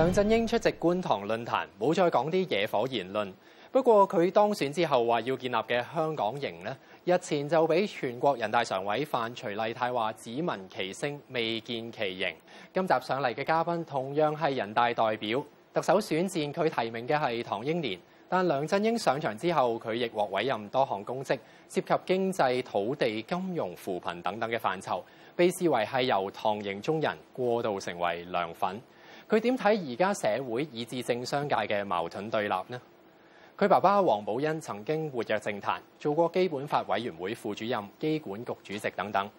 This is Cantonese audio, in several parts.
梁振英出席觀塘論壇，冇再講啲惹火言論。不過，佢當選之後話要建立嘅香港營呢，日前就俾全國人大常委范徐麗泰話：「只聞其聲，未見其形。」今集上嚟嘅嘉賓同樣係人大代表，特首選戰佢提名嘅係唐英年，但梁振英上場之後，佢亦獲委任多項公職，涉及經濟、土地、金融、扶貧等等嘅範疇，被視為係由唐營中人過渡成為梁粉。佢點睇而家社會以至政商界嘅矛盾對立呢？佢爸爸黃保欣曾經活躍政壇，做過基本法委員會副主任、機管局主席等等。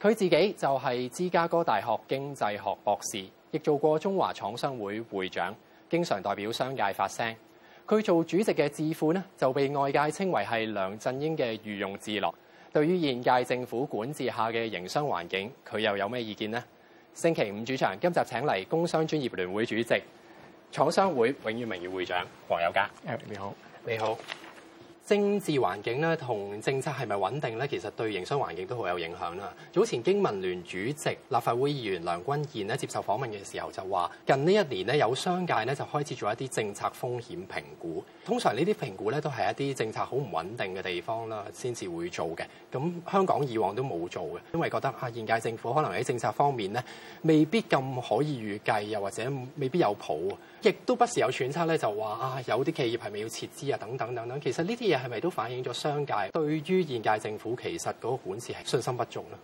佢自己就係芝加哥大學經濟學博士，亦做過中華廠商會會長，經常代表商界發聲。佢做主席嘅智庫呢，就被外界稱為係梁振英嘅御用智囊。對於現屆政府管治下嘅營商環境，佢又有咩意見呢？星期五主場，今集請嚟工商專業聯會主席、廠商會永遠名譽會長黃友嘉。你好，你好。好政治環境咧同政策係咪穩定咧？其實對營商環境都好有影響啦。早前經民聯主席立法會議員梁君彥咧接受訪問嘅時候就話：近呢一年咧有商界咧就開始做一啲政策風險評估。通常呢啲評估咧都係一啲政策好唔穩定嘅地方啦，先至會做嘅。咁香港以往都冇做嘅，因為覺得啊現屆政府可能喺政策方面咧未必咁可以預計，又或者未必有譜，亦都不時有揣測咧就話啊有啲企業係咪要撤資啊等等等等。其實呢啲嘢，係咪都反映咗商界對於現屆政府其實嗰個管治係信心不足咧？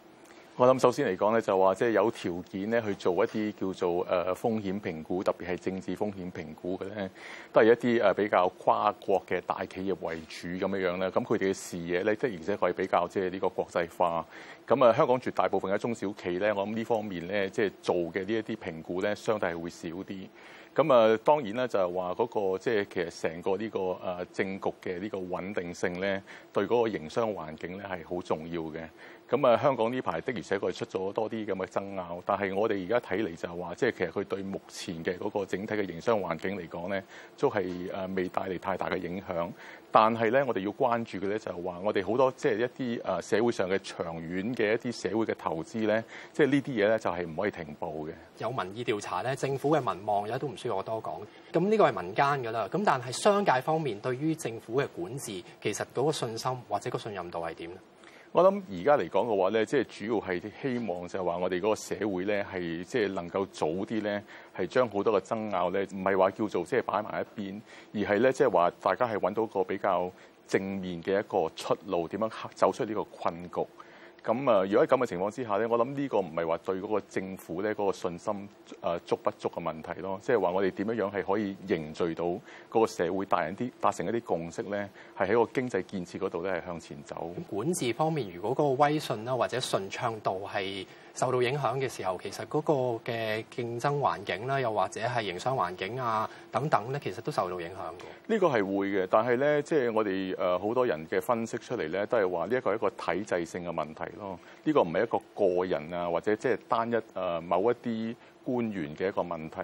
我諗首先嚟講咧，就話即係有條件咧去做一啲叫做誒風險評估，特別係政治風險評估嘅咧，都係一啲誒比較跨國嘅大企業為主咁樣樣咧。咁佢哋嘅視野咧，即係而且確係比較即係呢個國際化。咁啊，香港絕大部分嘅中小企咧，我諗呢方面咧，即係做嘅呢一啲評估咧，相對係會少啲。咁啊，當然咧就係話嗰個即係其實成個呢個誒政局嘅呢個穩定性咧，對嗰個營商環境咧係好重要嘅。咁啊，香港呢排的而且確出咗多啲咁嘅爭拗，但係我哋而家睇嚟就係話，即係其實佢對目前嘅嗰個整體嘅營商環境嚟講咧，都係誒未帶嚟太大嘅影響。但係咧，我哋要關注嘅咧就係話，我哋好多即係一啲誒社會上嘅長遠嘅一啲社會嘅投資咧，即係呢啲嘢咧就係唔可以停步嘅。有民意調查咧，政府嘅民望而家都唔需要我多講。咁呢個係民間㗎啦。咁但係商界方面對於政府嘅管治，其實嗰個信心或者個信任度係點咧？我諗而家嚟講嘅話咧，即係主要係希望就係話我哋嗰個社會咧，係即係能夠早啲咧，係將好多嘅爭拗咧，唔係話叫做即係擺埋一邊，而係咧即係話大家係揾到一個比較正面嘅一個出路，點樣走出呢個困局。咁啊！如果喺咁嘅情況之下咧，我諗呢個唔係話對嗰個政府咧個信心，誒足不足嘅問題咯，即係話我哋點樣樣係可以凝聚到個社會大人啲達成一啲共識咧，係喺個經濟建設度咧係向前走。管治方面，如果嗰個威信啦或者順暢度係受到影響嘅時候，其實嗰個嘅競爭環境啦，又或者係營商環境啊等等咧，其實都受到影響嘅。呢個係會嘅，但係咧，即係我哋誒好多人嘅分析出嚟咧，都係話呢一個係一個體制性嘅問題。咯，呢個唔係一個個人啊，或者即係單一誒、呃、某一啲官員嘅一個問題，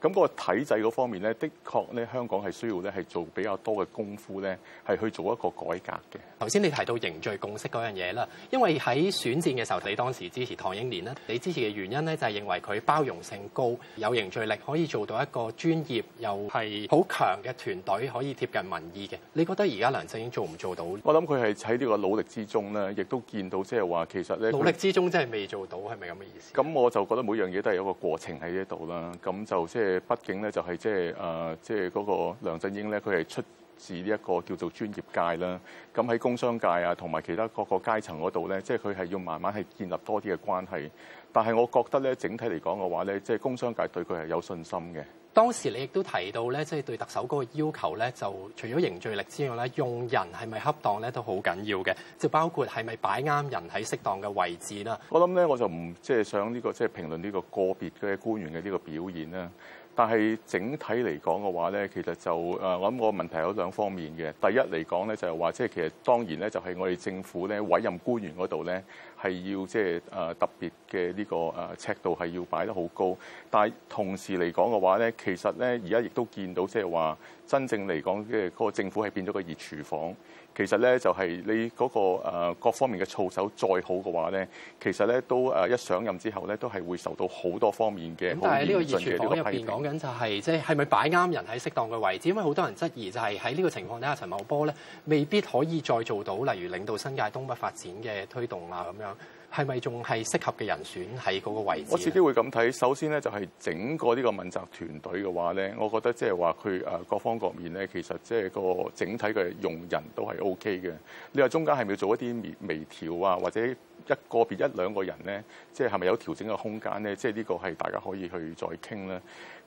咁嗰個體制嗰方面咧，的確咧香港係需要咧係做比較多嘅功夫咧，係去做一個改革嘅。頭先你提到凝聚共識嗰樣嘢啦，因為喺選戰嘅時候，你當時支持唐英年咧，你支持嘅原因咧就係認為佢包容性高，有凝聚力，可以做到一個專業又係好強嘅團隊可以貼近民意嘅。你覺得而家梁振英做唔做到？我諗佢係喺呢個努力之中咧，亦都見到即係話其實咧，努力之中真係未做到，係咪咁嘅意思？咁我就覺得每樣嘢都係有個過程。喺呢度啦，咁就即係畢竟咧、就是，就係即係誒，即係嗰個梁振英咧，佢係出自呢一個叫做專業界啦。咁喺工商界啊，同埋其他各個階層嗰度咧，即係佢係要慢慢係建立多啲嘅關係。但係我覺得咧，整體嚟講嘅話咧，即係工商界對佢係有信心嘅。當時你亦都提到咧，即係對特首嗰個要求咧，就除咗凝聚力之外咧，用人係咪恰當咧都好緊要嘅，就包括係咪擺啱人喺適當嘅位置啦。我諗咧，我就唔即係想呢個即係評論呢個個別嘅官員嘅呢個表現啦。但係整體嚟講嘅話咧，其實就誒，我諗個問題有兩方面嘅。第一嚟講咧，就係話即係其實當然咧，就係我哋政府咧委任官員嗰度咧，係要即係誒特別嘅呢個誒、呃、尺度係要擺得好高。但係同時嚟講嘅話咧，其實咧而家亦都見到即係話真正嚟講，即係嗰個政府係變咗個熱廚房。其實咧就係你嗰個誒各方面嘅措手再好嘅話咧，其實咧都誒一上任之後咧都係會受到好多方面嘅但係是，呢個熱廚房入邊講緊就係即係咪擺啱人喺適當嘅位置？因為好多人質疑就係喺呢個情況底下，陳茂波咧未必可以再做到，例如領導新界東北發展嘅推動啊咁樣。係咪仲係適合嘅人選喺嗰個位置？我自己會咁睇，首先咧就係整個呢個問責團隊嘅話咧，我覺得即係話佢誒各方各面咧，其實即係個整體嘅用人都係 OK 嘅。你話中間係咪要做一啲微微調啊，或者？一個別一兩個人咧，即係係咪有調整嘅空間咧？即係呢個係大家可以去再傾呢。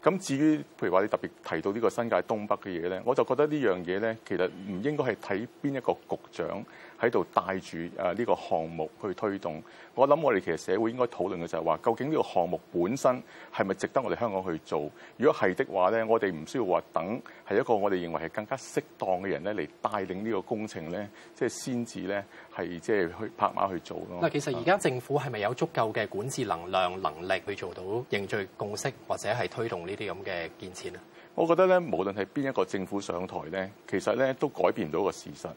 咁至於譬如話你特別提到呢個新界東北嘅嘢咧，我就覺得呢樣嘢咧，其實唔應該係睇邊一個局長喺度帶住啊呢個項目去推動。我諗我哋其實社會應該討論嘅就係話，究竟呢個項目本身係咪值得我哋香港去做？如果係的話咧，我哋唔需要話等係一個我哋認為係更加適當嘅人咧嚟帶領呢個工程咧，即係先至咧。係即係去拍馬去做咯。嗱，其實而家政府係咪有足夠嘅管治能量、能力去做到凝聚共識或者係推動呢啲咁嘅建設啊？我覺得咧，無論係邊一個政府上台咧，其實咧都改變唔到個事實。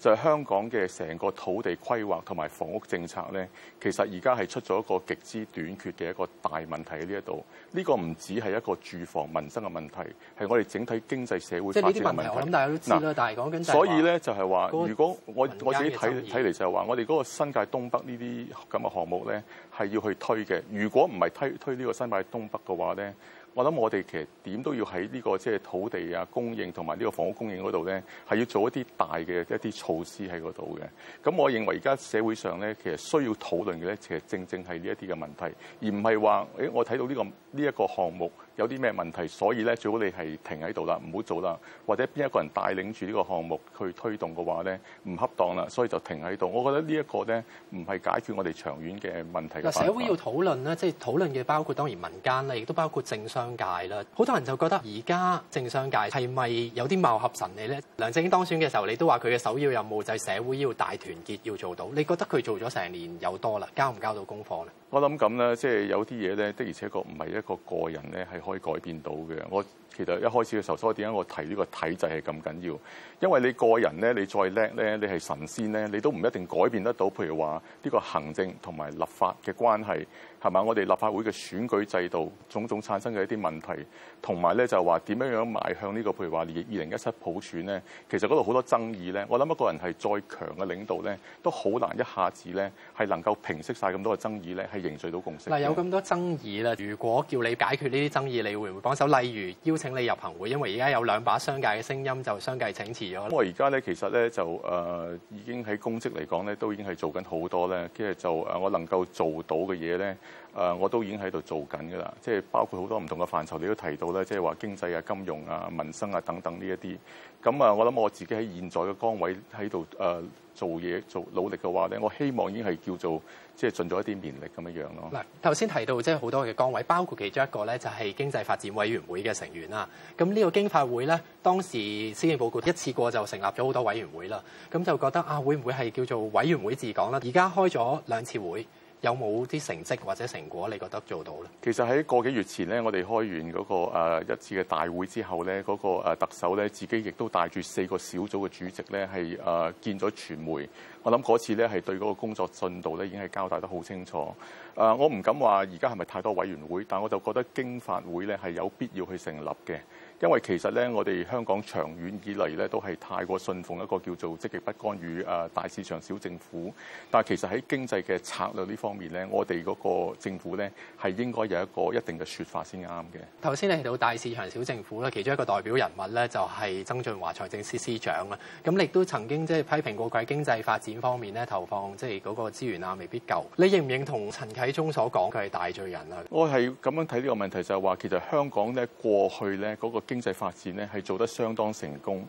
就係香港嘅成個土地規劃同埋房屋政策咧，其實而家係出咗一個極之短缺嘅一個大問題喺呢一度。呢、呢個唔止係一個住房民生嘅問題，係我哋整體經濟社會發展嘅問題。即係啲問題，我諗大家都知啦。啊、但係講緊，所以咧就係話，如果我我自己睇睇嚟就係話，我哋嗰個新界東北呢啲咁嘅項目咧係要去推嘅。如果唔係推推呢個新界東北嘅話咧。我諗我哋其實點都要喺呢個，即係土地啊供應同埋呢個房屋供應嗰度咧，係要做一啲大嘅一啲措施喺嗰度嘅。咁我認為而家社會上咧，其實需要討論嘅咧，其實正正係呢一啲嘅問題，而唔係話誒，我睇到呢個呢一個項目。有啲咩問題？所以咧，最好你係停喺度啦，唔好做啦。或者邊一個人帶領住呢個項目去推動嘅話咧，唔恰當啦，所以就停喺度。我覺得呢一個咧，唔係解決我哋長遠嘅問題。嗱，社會要討論咧，即係討論嘅包括當然民間咧，亦都包括政商界啦。好多人就覺得而家政商界係咪有啲貌合神離咧？梁振英當選嘅時候，你都話佢嘅首要任務就係社會要大團結要做到。你覺得佢做咗成年有多啦？交唔交到功課咧？我諗咁咧，即係有啲嘢咧，的而且確唔係一個個人咧係可以改變到嘅。我其實一開始嘅時候，所以點解我提呢個體制係咁緊要？因為你個人咧，你再叻咧，你係神仙咧，你都唔一定改變得到。譬如話呢個行政同埋立法嘅關係，係嘛？我哋立法會嘅選舉制度，種種產生嘅一啲問題，同埋咧就話點樣樣邁向呢個，譬如話二零一七普選咧，其實嗰度好多爭議咧。我諗一個人係再強嘅領導咧，都好難一下子咧係能夠平息晒咁多嘅爭議咧，係。凝聚到共識嗱，有咁多爭議啦。如果叫你解決呢啲爭議，你會唔會幫手？例如邀請你入行會，因為而家有兩把商界嘅聲音，就商界請辭咗。我而家咧，其實咧就誒、呃、已經喺公職嚟講咧，都已經係做緊好多咧。跟住就誒，我能夠做到嘅嘢咧，誒、呃、我都已經喺度做緊㗎啦。即係包括好多唔同嘅範疇，你都提到咧，即係話經濟啊、金融啊、民生啊等等呢一啲。咁啊，我諗我自己喺現在嘅崗位喺度誒，呃做嘢做努力嘅話咧，我希望已經係叫做即係盡咗一啲勉力咁樣樣咯。嗱，頭先提到即係好多嘅崗位，包括其中一個咧就係經濟發展委員會嘅成員啦。咁呢個經發會咧，當時施政報告一次過就成立咗好多委員會啦。咁就覺得啊，會唔會係叫做委員會治港啦？而家開咗兩次會。有冇啲成績或者成果？你覺得做到咧？其實喺個幾月前咧，我哋開完嗰個、那個、呃、一次嘅大會之後咧，嗰、那個、呃、特首咧自己亦都帶住四個小組嘅主席咧係誒見咗傳媒。我諗嗰次咧係對嗰個工作進度咧已經係交代得好清楚。呃、我唔敢話而家係咪太多委員會，但我就覺得經發會咧係有必要去成立嘅。因為其實咧，我哋香港長遠以嚟咧都係太過信奉一個叫做積極不干預誒大市場小政府，但係其實喺經濟嘅策略呢方面咧，我哋嗰個政府咧係應該有一個一定嘅說法先啱嘅。頭先你提到大市場小政府咧，其中一個代表人物咧就係曾俊華財政司司長啊，咁亦都曾經即係批評過佢經濟發展方面咧投放即係嗰個資源啊未必夠。你認唔認同陳啟宗所講佢係大罪人啊？我係咁樣睇呢個問題就係話，其實香港咧過去咧、那、嗰個。經濟發展呢，係做得相當成功。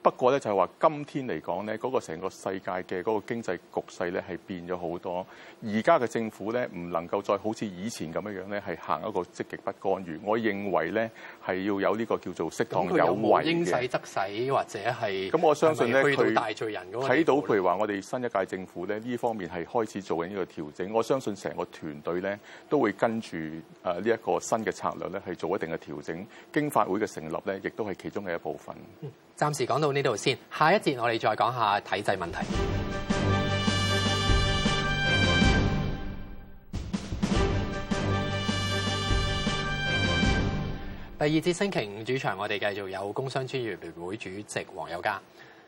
不過咧，就係話今天嚟講咧，嗰個成個世界嘅嗰個經濟局勢咧，係變咗好多。而家嘅政府咧，唔能夠再好似以前咁樣呢，咧，係行一個積極不干預。我認為咧，係要有呢個叫做適當有為嘅。咁佢有無應使則使或者係？咁我相信咧，佢睇到譬如話，我哋新一屆政府咧呢方面係開始做緊呢個調整。我相信成個團隊咧都會跟住呢一個新嘅策略咧去做一定嘅調整。經法會嘅成立咧，亦都係其中嘅一部分。暫時講到到呢度先，下一節我哋再講下體制問題。第二節星期五主場，我哋繼續有工商專業聯會主席黃友嘉。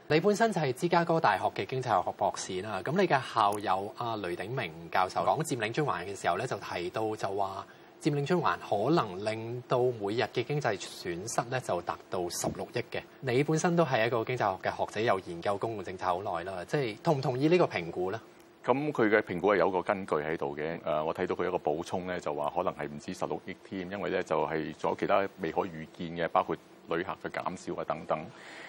你本身就係芝加哥大學嘅經濟學博士啦，咁你嘅校友阿雷鼎鳴教授、嗯、講佔領中環嘅時候咧，就提到就話。佔領中環可能令到每日嘅經濟損失咧就達到十六億嘅。你本身都係一個經濟學嘅學者，又研究公共政策好耐啦，即係同唔同意呢個評估咧？咁佢嘅評估係有個根據喺度嘅。誒，我睇到佢有個補充咧，就話可能係唔止十六億添，因為咧就係仲有其他未可預見嘅，包括旅客嘅減少啊等等。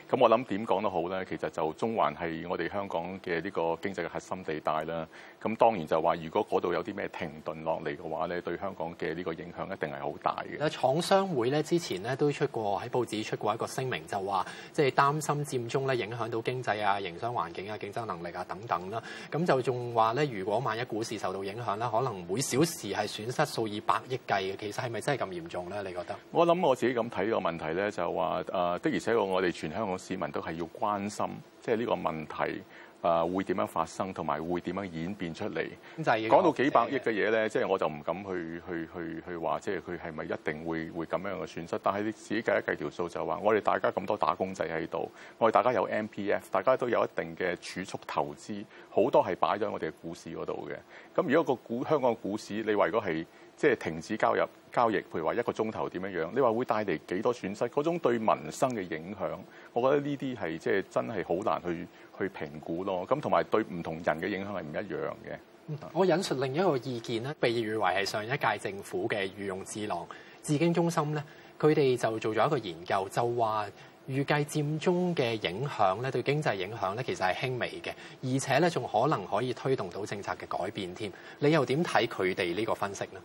咁我諗點講都好咧，其實就中環係我哋香港嘅呢個經濟嘅核心地帶啦。咁當然就話，如果嗰度有啲咩停頓落嚟嘅話咧，對香港嘅呢個影響一定係好大嘅。廠商會咧之前咧都出過喺報紙出過一個聲明就，就話即係擔心佔中咧影響到經濟啊、營商環境啊、競爭能力啊等等啦。咁就仲話咧，如果萬一股市受到影響啦，可能每小時係損失數以百億計嘅。其實係咪真係咁嚴重咧？你覺得？我諗我自己咁睇呢個問題咧，就話的而且確我哋全香港。市民都係要關心，即係呢個問題啊，會點樣發生，同埋會點樣演變出嚟。講、這個、到幾百億嘅嘢咧，即係的我就唔敢去去去去話，即係佢係咪一定會會咁樣嘅損失。但係你自己計一計條數就說，就話我哋大家咁多打工仔喺度，我哋大家有 M P F，大家都有一定嘅儲蓄投資，好多係擺咗喺我哋嘅股市嗰度嘅。咁如果個股香港股市，你話如果係即係停止交易？交易譬如話一個鐘頭點樣樣，你話會帶嚟幾多損失？嗰種對民生嘅影響，我覺得呢啲係即係真係好難去去評估咯。咁同埋對唔同人嘅影響係唔一樣嘅。我引述另一個意見咧，被譽為係上一屆政府嘅御用智囊，智經中心咧，佢哋就做咗一個研究，就話預計佔中嘅影響咧，對經濟影響咧，其實係輕微嘅，而且咧仲可能可以推動到政策嘅改變添。你又點睇佢哋呢個分析咧？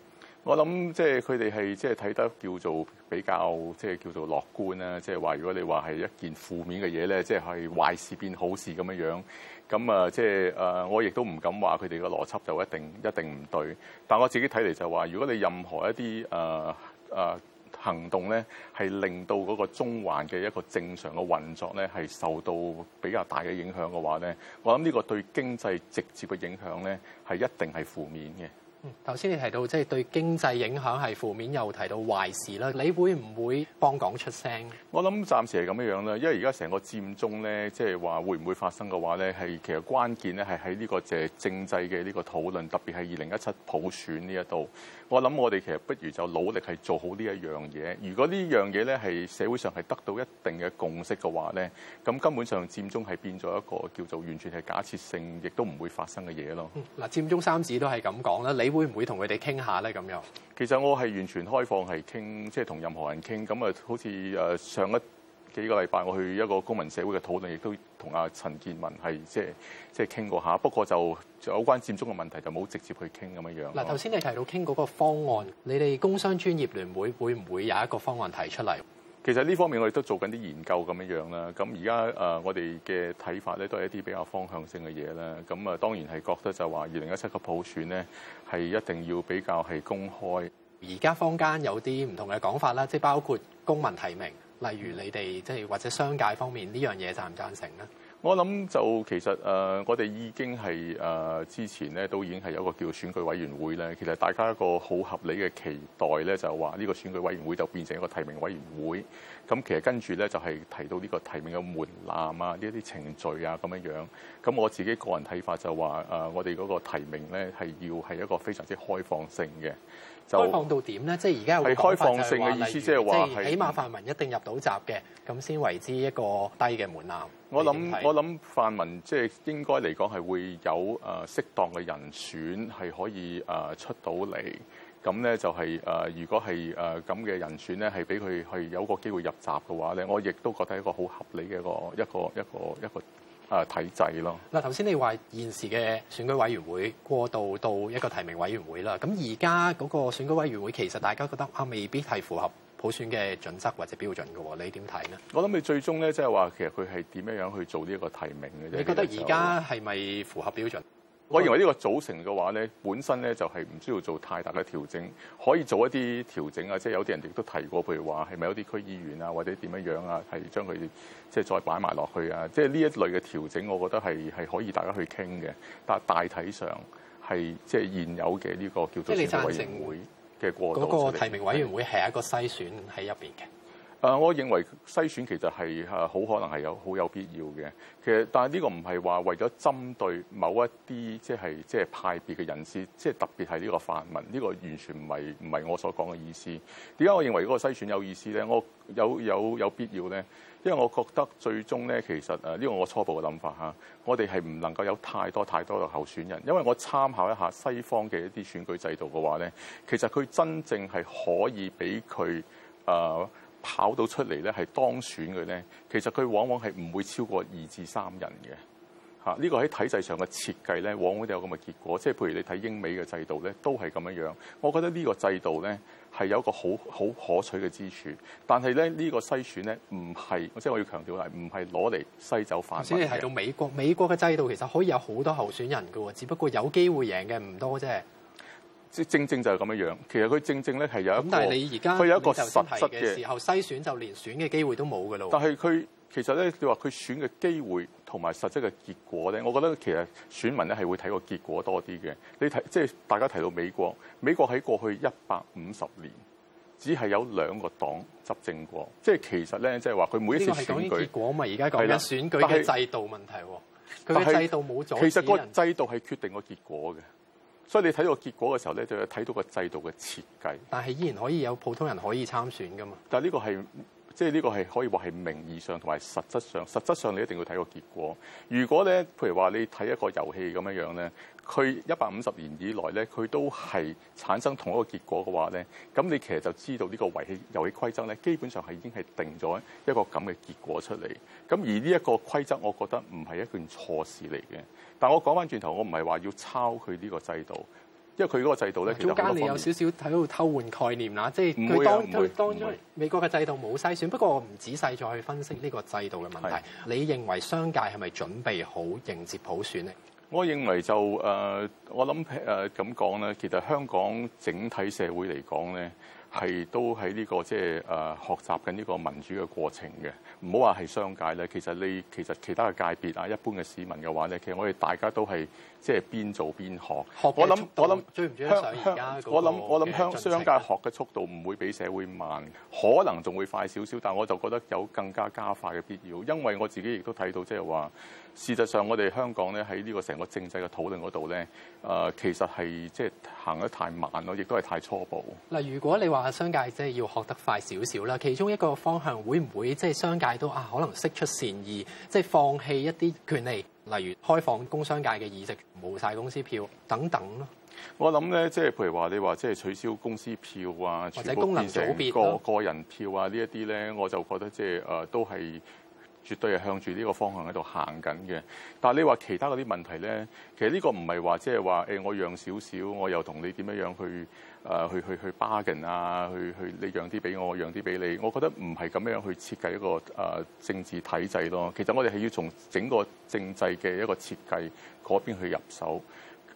我諗即係佢哋係即係睇得叫做比較即係叫做樂觀啦，即係話如果你話係一件負面嘅嘢咧，即係壞事變好事咁樣樣，咁啊即係誒，我亦都唔敢話佢哋個邏輯就一定一定唔對。但我自己睇嚟就話，如果你任何一啲誒、呃呃、行動咧，係令到嗰個中環嘅一個正常嘅運作咧，係受到比較大嘅影響嘅話咧，我諗呢個對經濟直接嘅影響咧，係一定係負面嘅。頭先、嗯、你提到即係、就是、對經濟影響係負面，又提到壞事啦，你會唔會幫港出聲？我諗暫時係咁樣樣啦，因為而家成個佔中咧，即係話會唔會發生嘅話咧，係其實關鍵咧係喺呢個即係政制嘅呢個討論，特別係二零一七普選呢一度。我諗我哋其實不如就努力係做好呢一樣嘢。如果呢樣嘢咧係社會上係得到一定嘅共識嘅話咧，咁根本上佔中係變咗一個叫做完全係假設性，亦都唔會發生嘅嘢咯。嗱、嗯，佔中三子都係咁講啦，你會唔會同佢哋傾下咧？咁樣其實我係完全開放係傾，即係同任何人傾。咁啊，好似誒上一幾個禮拜我去一個公民社會嘅討論，亦都同阿陳建文係即係即係傾過下。不過就有關佔中嘅問題，就冇直接去傾咁樣樣。嗱，頭先你提到傾嗰個方案，你哋工商專業聯會會唔會有一個方案提出嚟？其實呢方面我哋都做緊啲研究咁樣樣啦。咁而家誒我哋嘅睇法咧，都係一啲比較方向性嘅嘢啦。咁啊，當然係覺得就話二零一七嘅普選咧，係一定要比較係公開。而家坊間有啲唔同嘅講法啦，即係包括公民提名。例如你哋即係或者商界方面呢樣嘢贊唔贊成咧？我諗就其實，呃、我哋已經係、呃、之前咧都已經係有一個叫選舉委員會咧，其實大家一個好合理嘅期待咧，就話呢個選舉委員會就變成一個提名委員會。咁其實跟住咧就係、是、提到呢個提名嘅門檻啊，呢一啲程序啊咁樣樣。咁我自己個人睇法就話、呃，我哋嗰個提名咧係要係一個非常之開放性嘅。就開放到點咧？即係而家係開放性嘅意思，即係話起碼泛民一定入到閘嘅，咁先為之一個低嘅門檻。我諗想我諗泛民即係、就是、應該嚟講係會有誒適當嘅人選係可以誒出到嚟，咁咧就係、是、誒、呃、如果係誒咁嘅人選咧，係俾佢係有個機會入閘嘅話咧，我亦都覺得係一個好合理嘅一個一個一個一個。一個一個一個啊體制咯！嗱，頭先你話現時嘅選舉委員會過渡到一個提名委員會啦。咁而家嗰個選舉委員會其實大家覺得啊，未必係符合普選嘅準則或者標準嘅喎。你點睇呢？我諗你最終咧，即係話其實佢係點樣樣去做呢一個提名嘅啫？你覺得而家係咪符合標準？我認為呢個組成嘅話咧，本身咧就係唔需要做太大嘅調整，可以做一啲調整啊！即係有啲人亦都提過，譬如話係咪有啲區議員啊，或者點樣樣啊，係將佢即係再擺埋落去啊！即係呢一類嘅調整，我覺得係係可以大家去傾嘅，但大體上係即係現有嘅呢個叫做提名委嘅過渡嘅提名委員會係一個篩選喺入邊嘅。啊！我認為篩選其實係嚇好，可能係有好有必要嘅。其實，但係呢個唔係話為咗針對某一啲即係即係派別嘅人士，即係特別係呢個泛民，呢個完全唔係唔係我所講嘅意思。點解我認為嗰個篩選有意思咧？我有有有必要咧，因為我覺得最終咧，其實誒呢個我初步嘅諗法嚇，我哋係唔能夠有太多太多嘅候選人，因為我參考一下西方嘅一啲選舉制度嘅話咧，其實佢真正係可以俾佢誒。呃考到出嚟咧，係當選嘅咧，其實佢往往係唔會超過二至三人嘅嚇。呢個喺體制上嘅設計咧，往往都有咁嘅結果。即係譬如你睇英美嘅制度咧，都係咁樣樣。我覺得呢個制度咧係有一個好好可取嘅之處，但係咧呢個篩選咧唔係，即係我要強調係唔係攞嚟篩走泛民嘅。所以提到美國美國嘅制度，其實可以有好多候選人嘅喎，只不過有機會贏嘅唔多啫。正正就係咁樣，其實佢正正咧係有一個，佢有一個實質嘅。時候篩選就連選嘅機會都冇嘅咯。但係佢其實咧，你話佢選嘅機會同埋實質嘅結果咧，我覺得其實選民咧係會睇個結果多啲嘅。你睇即係大家提到美國，美國喺過去一百五十年只係有兩個黨執政過，即係其實咧，即係話佢每一次選舉係講呢個結果嘛？而家講緊選舉嘅的是制度問題，佢是制度冇阻住人。其實個制度係決定個結果嘅。所以你睇到個結果嘅時候咧，就要睇到個制度嘅設計。但係依然可以有普通人可以參選噶嘛？但係呢個係。即係呢個係可以話係名義上同埋實質上，實質上你一定要睇個結果。如果咧，譬如話你睇一個遊戲咁樣樣咧，佢一百五十年以來咧，佢都係產生同一個結果嘅話咧，咁你其實就知道呢個遊戲遊戲規則咧，基本上係已經係定咗一個咁嘅結果出嚟。咁而呢一個規則，我覺得唔係一件錯事嚟嘅。但我講翻轉頭，我唔係話要抄佢呢個制度。因為佢嗰個制度咧，中間你有少少喺度偷換概念啦，即係佢當中中美國嘅制度冇篩選，不過我唔仔細再去分析呢個制度嘅問題。你認為商界係咪準備好迎接普選呢？我認為就誒，我諗誒咁講咧，其實香港整體社會嚟講咧，係都喺呢個即係誒學習緊呢個民主嘅過程嘅，唔好話係商界咧。其實你其實其他嘅界別啊，一般嘅市民嘅話咧，其實我哋大家都係即係邊做邊學。學嘅速度，商我諗我諗商商界學嘅速度唔會比社會慢，可能仲會快少少。但我就覺得有更加加快嘅必要，因為我自己亦都睇到即係話，事實上我哋香港咧喺呢個成個政制嘅討論嗰度咧，誒其實係即係行得太慢咯，亦都係太初步。嗱，如果你話。商界即係要學得快少少啦。其中一個方向會唔會即係商界都啊，可能釋出善意，即係放棄一啲權利，例如開放工商界嘅議席，冇晒公司票等等咯。我諗咧，即係譬如話你話即係取消公司票啊，或者功能組別個個人票啊呢一啲咧，我就覺得即係誒都係絕對係向住呢個方向喺度行緊嘅。但係你話其他嗰啲問題咧，其實呢個唔係話即係話誒，我讓少少，我又同你點樣樣去。誒去去去 bargain 啊，去去，bargain，去，去你養啲俾我，我養啲俾你。我覺得唔係咁樣去設計一個、呃、政治體制咯。其實我哋係要從整個政制嘅一個設計嗰邊去入手。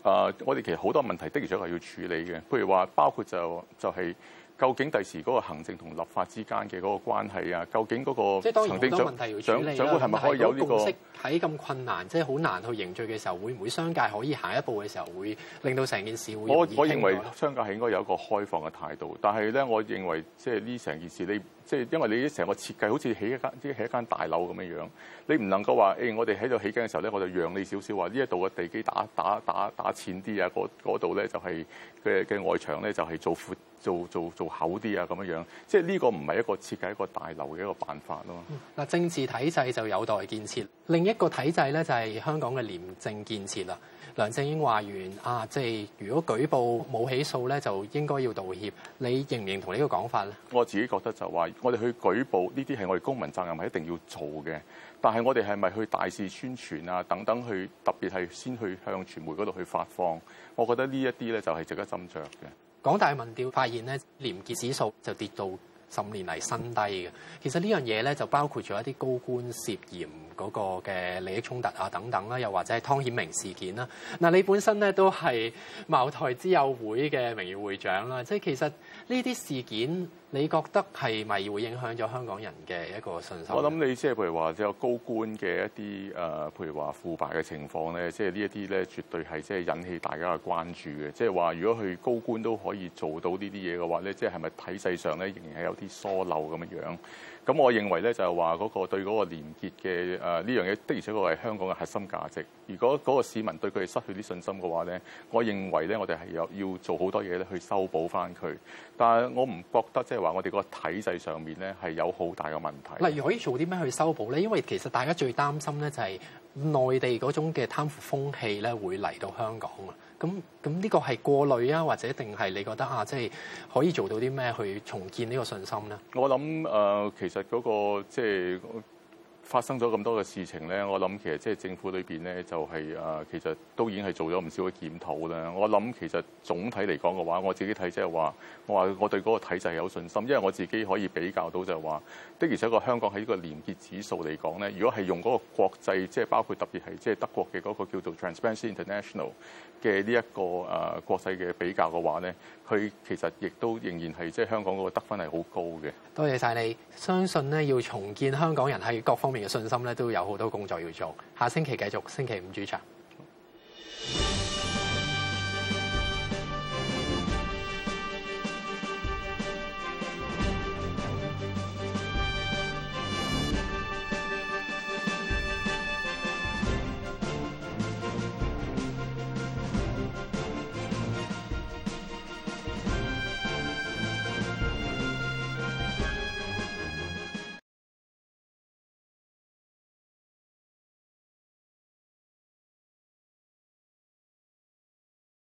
呃、我哋其實好多問題的而且確要，要處理嘅，譬如話包括就就係、是。究竟第時嗰個行政同立法之間嘅嗰個關係啊？究竟嗰個即係當然好多問題要處理，係咪可以有呢個共識喺咁困難，即係好難去凝聚嘅時候，會唔會商界可以行一步嘅時候，會令到成件事會我我認為商界係應該有一個開放嘅態度，但係咧，我認為即係呢成件事你。即係因為你成個設計好似起一間即起一間大樓咁樣樣，你唔能夠話誒，我哋喺度起緊嘅時候咧，我就讓你少少話呢一度嘅地基打打打打淺啲啊，嗰度咧就係嘅嘅外牆咧就係做闊做做做厚啲啊咁樣樣，即係呢個唔係一個設計一個大樓嘅一個辦法咯。嗱，政治體制就有待建設。另一個體制咧，就係香港嘅廉政建設啦。梁振英話完啊，即係如果舉報冇起訴咧，就應該要道歉。你認唔認同呢個講法咧？我自己覺得就話我哋去舉報呢啲係我哋公民責任，係一定要做嘅。但係我哋係咪去大肆宣傳啊等等去特別係先去向傳媒嗰度去發放？我覺得呢一啲咧就係值得斟酌嘅。港大民調發現咧，廉潔指數就跌到十五年嚟新低嘅。其實呢樣嘢咧就包括咗一啲高官涉嫌。嗰個嘅利益衝突啊等等啦，又或者係湯顯明事件啦。嗱，你本身咧都係茅台之友會嘅名譽會長啦，即係其實呢啲事件，你覺得係咪會影響咗香港人嘅一個信心？我諗你即係譬如話，有高官嘅一啲誒，譬如話、呃、腐敗嘅情況咧，即係呢一啲咧，絕對係即係引起大家嘅關注嘅。即係話，如果佢高官都可以做到呢啲嘢嘅話咧，即係係咪體制上咧仍然係有啲疏漏咁嘅樣？咁我認為咧就係話嗰個對嗰個連結嘅誒呢樣嘢的，而且，呃，這個，確係香港嘅核心價值。如果嗰個市民對佢哋失去啲信心嘅話咧，我認為咧我哋係有要做好多嘢咧去修補翻佢。但係我唔覺得即係話我哋個體制上面咧係有好大嘅問題。例如可以做啲咩去修補咧？因為其實大家最擔心咧就係內地嗰種嘅貪腐風氣咧會嚟到香港啊。咁咁呢個係過濾啊，或者定係你覺得啊，即係可以做到啲咩去重建呢個信心咧？我諗其實嗰個即係發生咗咁多嘅事情咧，我諗其實即係政府裏面咧就係呃，其實都已經係做咗唔少嘅檢討啦。我諗其實總體嚟講嘅話，我自己睇即係話我話我對嗰個體制係有信心，因為我自己可以比較到就係話的而且確香港喺呢個廉潔指數嚟講咧，如果係用嗰個國際即係包括特別係即係德國嘅嗰個叫做 Transparency International。嘅呢一個誒國際嘅比較嘅話咧，佢其實亦都仍然係即係香港嗰個得分係好高嘅。多謝晒你，相信咧要重建香港人喺各方面嘅信心咧，都有好多工作要做。下星期繼續星期五主場。